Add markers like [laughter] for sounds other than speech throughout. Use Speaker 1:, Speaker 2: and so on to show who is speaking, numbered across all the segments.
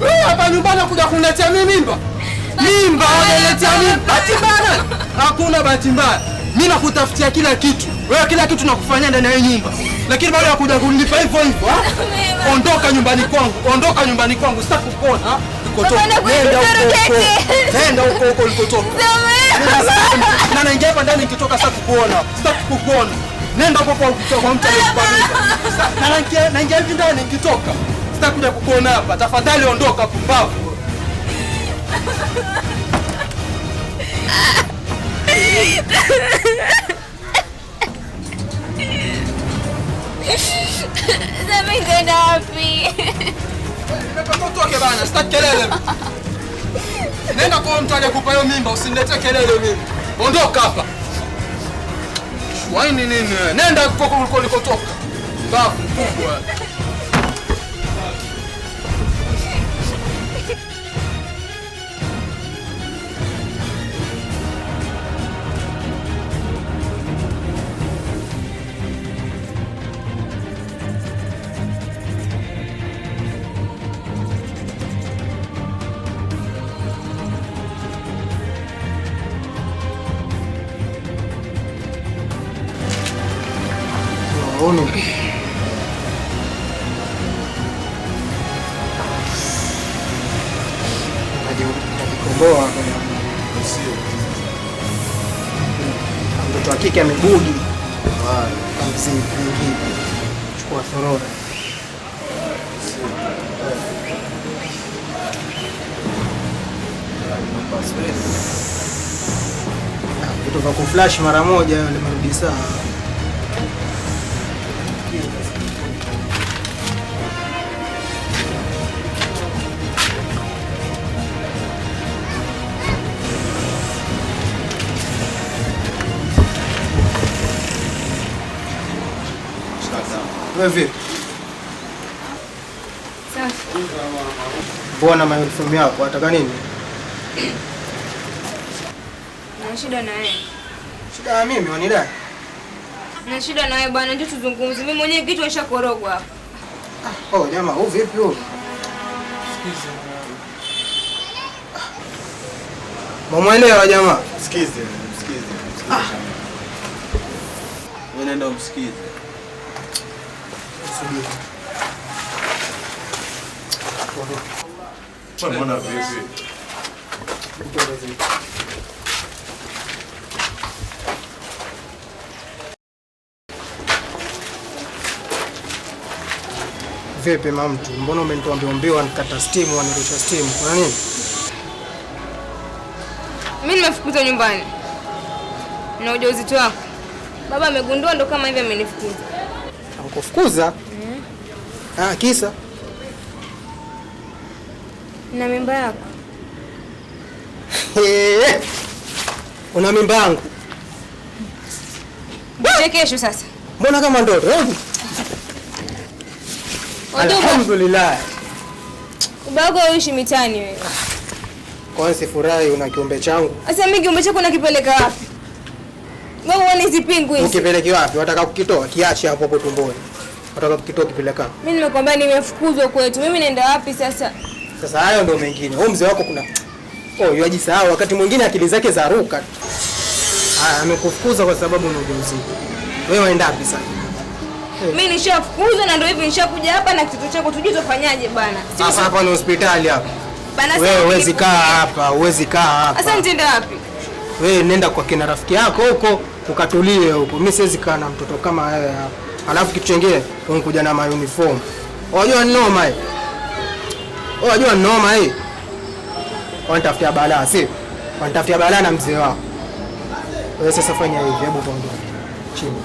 Speaker 1: Wewe hapa nyumbani kuja kuniletea mimi mimba? Mimba unaletea mimi bahati mbaya. Hakuna bahati mbaya. Mimi nakutafutia kila kitu. Wewe kila kitu nakufanyia ndani ya hii nyumba. Lakini bado unakuja kunilipa hivyo hivyo, ha? Ondoka nyumbani kwangu. Ondoka nyumbani kwangu. Sitakupona. Nenda huko huko ulikotoka. Na naingia hapa ndani nikitoka sasa kukuona. Sitakukuona. Nenda huko kwa kutoka mtu aliyekubalika. Na naingia hivi ndani nikitoka. Sitakuja kukuona hapa. Tafadhali ondoka pumbavu.
Speaker 2: Sasa nitaenda wapi?
Speaker 1: Nimepata bana, sitaki kelele. Nenda kwa mtu aliyekupa hiyo mimba, usiniletee kelele mimi. Ondoka hapa. Waini nini? Nenda huko ulikotoka. Babu mkubwa. kukomboa mtoto wa kike amebugi chukua thorora kutoka kuflash mara moja limerudi marudi sawa Wewe vipi? Safi. Mbona mauniform yako ataka nini?
Speaker 2: Na shida na wewe. Shida na
Speaker 1: mimi wanidai? Na
Speaker 2: shida na wewe bwana, ndio tuzungumze. Mimi mwenyewe kitu nishakorogwa hapa.
Speaker 1: Ah, oh nyama, huu vipi huu? Sikiza. Mamwelewa jamaa. Sikize, msikize, msikize. Ah. Wewe nenda umsikize kusubiri. vipi? mamtu, mbona umenitoambiwa nikata stimu, wanirusha stimu kwa nini?
Speaker 2: Mimi nimefukuza nyumbani na ujauzito wako baba amegundua, ndo kama hivi amenifukuza.
Speaker 1: Akufukuza? Ah, kisa
Speaker 2: na mimba yako.
Speaker 1: Una mimba yangu
Speaker 2: kesho sasa? Mbona kama ndoto?
Speaker 1: Alhamdulillah.
Speaker 2: Ubago uishi mitani wewe.
Speaker 1: Kwa nini sifurahi una kiumbe changu? Sasa
Speaker 2: mimi kiumbe chako nakipeleka wapi? Wewe uone hizi pingu Ukipeleki
Speaker 1: wapi? Wataka kukitoa kiache hapo hapo tumboni wataka kukitoa kipele kama mimi.
Speaker 2: Nimekwambia nimefukuzwa kwetu, mimi naenda wapi sasa?
Speaker 1: Sasa hayo ndio mengine. Huyu mzee wako kuna oh, yajisahau wakati mwingine akili zake za ruka. Ah, amekufukuza kwa sababu una ujauzito. Wewe waenda wapi sasa?
Speaker 2: Mimi eh. nishafukuzwa na ndio hivi nishakuja hapa na kitu chako tujue tufanyaje bana.
Speaker 1: Sasa hapa ni hospitali hapa. Bana sasa Wewe huwezi kaa hapa, huwezi kaa hapa.
Speaker 2: Sasa nitaenda wapi?
Speaker 1: Wewe nenda kwa kina rafiki yako huko ukatulie huko. Mimi siwezi kaa na mtoto kama wewe hapa. Alafu kitu kingine unakuja na uniform. Unajua ni noma hii. Unajua ni noma hii. Wanitafutia balaa, si? Wanitafutia balaa na mzee wao. Wewe sasa fanya hivi, hebu kwa ndio. Chimba.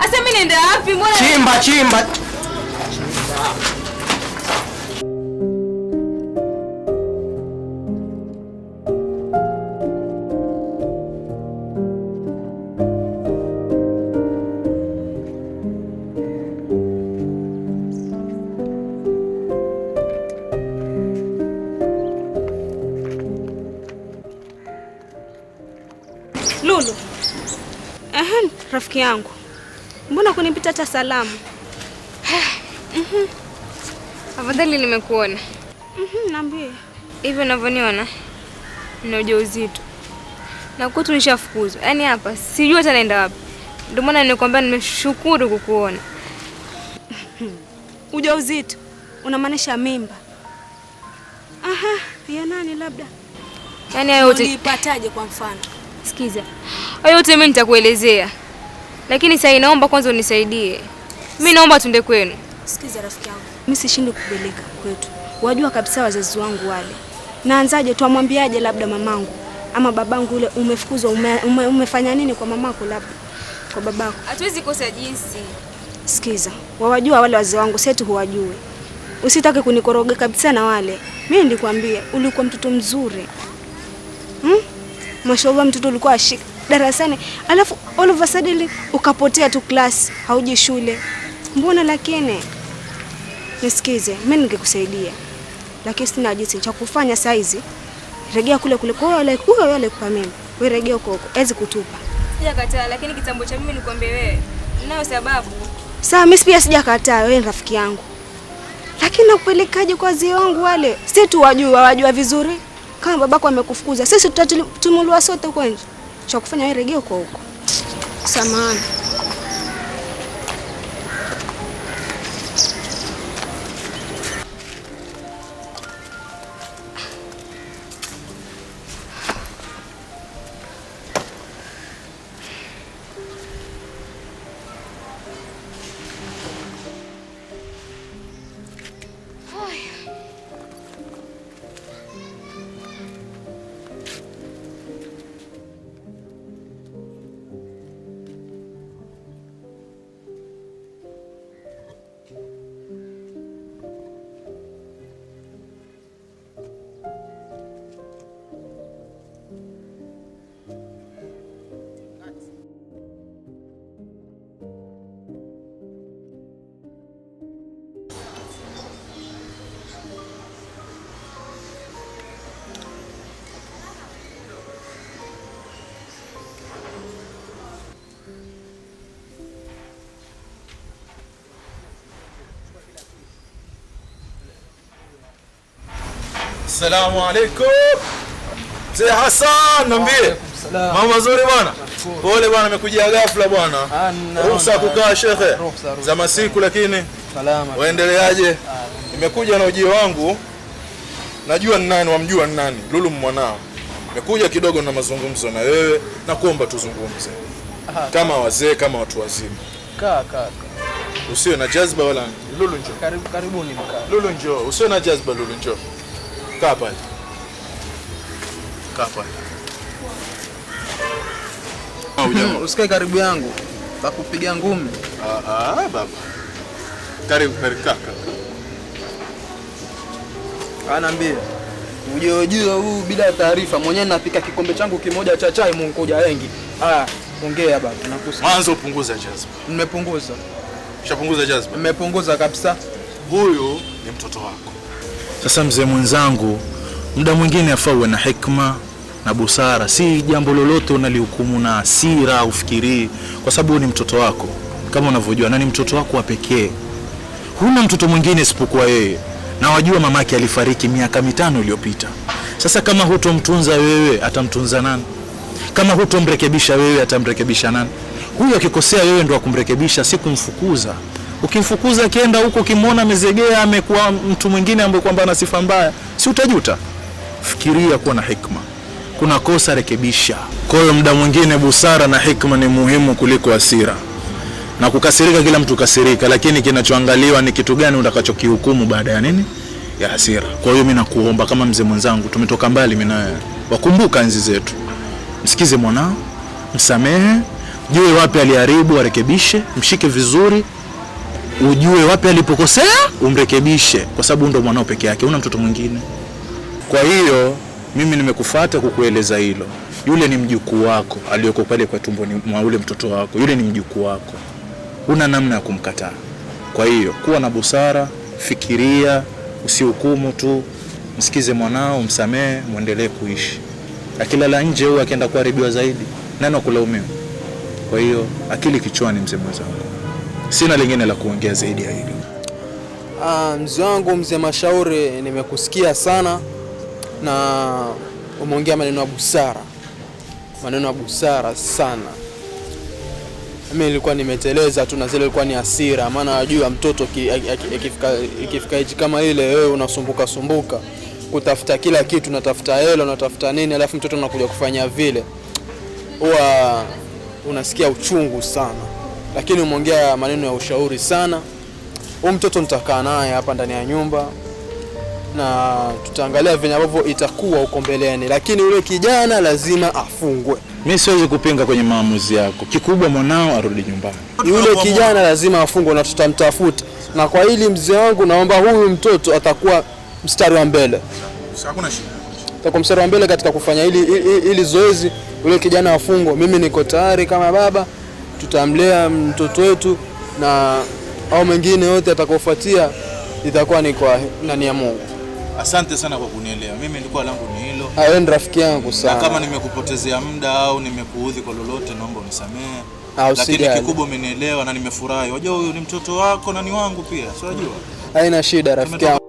Speaker 2: Asa mimi nenda wapi mbona? Chimba chimba.
Speaker 3: Lulu. Ahan, rafiki yangu, mbona kunipita hata salamu? mm
Speaker 4: Afadhali nimekuona. mm
Speaker 3: naambie hivyo unavyoniona
Speaker 4: na ujauzito na kwetu nishafukuzwa, yaani hapa sijui hata naenda wapi. Ndio maana nilikwambia nimeshukuru kukuona.
Speaker 3: [laughs] Ujauzito unamaanisha mimba? Aha, ya nani labda? Yaani hayo yote Kwa mfano Sikiza,
Speaker 4: hayo yote mimi nitakuelezea, lakini sasa naomba kwanza unisaidie. Mimi naomba tuende kwenu. Sikiza rafiki yangu, mimi sishindi
Speaker 3: kupeleka kwetu, wajua kabisa wazazi wangu wale. Naanzaje? Twamwambiaje? Labda mamangu ama babangu, ule umefukuzwa ume, ume, umefanya nini kwa mamako, labda kwa babako. Hatuwezi
Speaker 4: kosa jinsi. Sikiza,
Speaker 3: wawajua wale wazee wangu, setu huwajui. Usitake kunikoroga kabisa na wale. Mimi nilikwambia ulikuwa mtoto mzuri mashauri mtoto ulikuwa ashika darasani, alafu all of a sudden ukapotea tu class, hauji shule. Mbona? Lakini nisikize, mimi ningekusaidia, lakini sina jinsi cha kufanya saizi. Regea kule kule kwa yule huyo yule kwa mimi, wewe regea huko huko, hezi kutupa. sija
Speaker 4: kataa, lakini kitambo cha mimi nikwambie wewe, ninayo sababu. Sawa, mimi
Speaker 3: pia sija kataa, wewe ni rafiki yangu, lakini nakupelekaje kwa wazee wangu wale? Si tu wajua, wajua vizuri kama babako amekufukuza, sisi tutatimuliwa sote huko nje. Cha kufanya wewe, rejea huko huko. Samahani.
Speaker 5: Assalamu alaikum. Mzee Hassan, niambie. Mambo mazuri bwana? Pole bwana, amekuja ghafla bwana. Ah, ruhusa kukaa shekhe za masiku, lakini salama. Waendeleaje? Ah. Nimekuja na ujio wangu, najua ni nani, wamjua ni nani, Lulu mwanao. Nimekuja kidogo na mazungumzo na wewe na kuomba tuzungumze ah. kama wazee, kama watu wazima. Kaa kaa, usiwe na jazba wala Lulu, njoo. Karibu karibuni mkaa. Lulu njoo, usiwe na jazba. Lulu njoo. Kaa pale. Kaa pale.
Speaker 6: Ah, hmm. usikae karibu yangu takupiga ngumi. Ah, ah, baba.
Speaker 5: Karibu karibu kaka.
Speaker 6: Anaambia ujeujua huu bila taarifa, mwenyewe napika kikombe changu kimoja cha chai munkuja wengi. Haya, ongea baba, nakusa. Mwanzo
Speaker 5: punguza jazba. Nimepunguza.
Speaker 6: Ushapunguza jazba? Nimepunguza kabisa. Huyu ni mtoto wako
Speaker 5: sasa mzee mwenzangu,
Speaker 7: muda mwingine afaa uwe na hikma na busara, si jambo lolote unalihukumu na hasira ufikirii, kwa sababu ni mtoto wako kama unavyojua, na ni mtoto wako wa pekee. Huna mtoto mwingine isipokuwa yeye, na wajua mamake alifariki miaka mitano iliyopita. Sasa kama hutomtunza wewe, atamtunza nani? Kama hutomrekebisha wewe, atamrekebisha nani? Huyu akikosea, wewe ndo akumrekebisha, si kumfukuza. Ukimfukuza akienda huko, ukimwona amezegea, amekuwa mtu mwingine ambaye kwamba ana sifa mbaya, si utajuta? Fikiria kuwa na hikma. Kuna kosa, rekebisha. Kwa hiyo muda mwingine busara na hikma ni muhimu kuliko hasira na kukasirika. Kila mtu kasirika, lakini kinachoangaliwa ni kitu gani utakachokihukumu baada ya nini, ya hasira. Kwa hiyo mimi nakuomba kama mzee mwenzangu, tumetoka mbali mimi nawe, wakumbuka enzi zetu, msikize mwanao, msamehe, jue wapi aliharibu, arekebishe, mshike vizuri ujue wapi alipokosea, umrekebishe, kwa sababu ndo mwanao peke yake, una mtoto mwingine. Kwa hiyo mimi nimekufuata kukueleza hilo. Yule ni mjukuu wako aliyoko pale kwa tumboni mwa ule mtoto wako, yule ni mjukuu wako, una namna ya kumkataa. Kwa hiyo kuwa na busara, fikiria, usihukumu tu, msikize mwanao, msamehe, muendelee kuishi. Akilala nje huyo akienda kuharibiwa zaidi, nani wa kulaumiwa? Kwa hiyo akili kichwani, mzee mwenzangu. Sina lingine la kuongea zaidi ya hili.
Speaker 6: Uh, ah, mzee wangu mzee Mashauri, nimekusikia sana na umeongea maneno ya busara, maneno ya busara sana. Mimi nilikuwa nimeteleza tu na zile ilikuwa ni hasira, maana ajua mtoto ikifika hichi kama ile, wewe unasumbuka sumbuka kutafuta kila kitu, natafuta hela, unatafuta nini, alafu mtoto anakuja kufanya vile, huwa unasikia uchungu sana lakini umeongea maneno ya ushauri sana. Huyu mtoto nitakaa naye hapa ndani ya nyumba na tutaangalia venye ambavyo itakuwa huko mbeleni, lakini yule kijana lazima afungwe. Mimi
Speaker 7: siwezi kupinga kwenye maamuzi yako, kikubwa mwanao arudi nyumbani. Yule kijana
Speaker 6: lazima afungwe na tutamtafuta, na kwa hili mzee wangu, naomba huyu mtoto atakuwa mstari wa mbele, hakuna shida, atakuwa mstari wa mbele katika kufanya hili, hili, hili zoezi. Yule kijana afungwe, mimi niko tayari kama baba tutamlea mtoto wetu na au mengine yote atakaofuatia itakuwa ni kwa nani ya Mungu.
Speaker 5: Asante sana kwa kunielewa. Mimi nilikuwa langu
Speaker 6: ni hilo. Ah, wewe ni rafiki yangu sana. Na kama
Speaker 5: nimekupotezea muda au nimekuudhi kwa lolote, naomba unisamehe. Ah, Lakini kikubwa umenielewa na nimefurahi. wajua huyu ni mtoto wako na ni wangu pia. Si
Speaker 6: wajua? Haina shida rafiki yangu.